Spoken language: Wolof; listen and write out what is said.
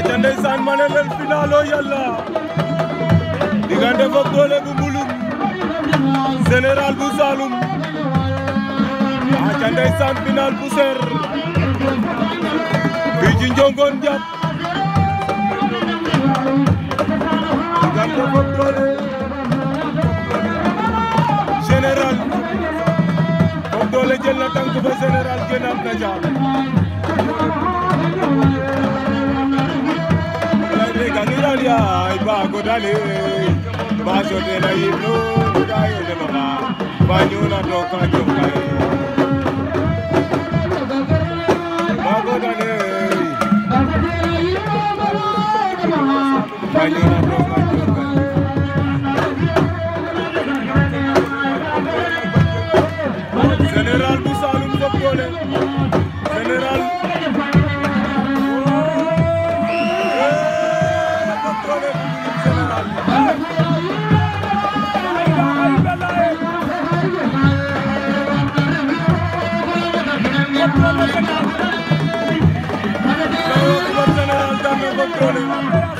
aca ndeysaan ma ne leen final Fop Doole bu Mbulum Général bu Saloum aca ndeysaan final bu ser fii ci Njongoon Jàpp diggante Fop Doole Général Fop ba Général génnaat na kudale baso tela yimno kudayo demama banyuna toka jokai bakudale banyuna toka jokai General Musalum Kopole Come on.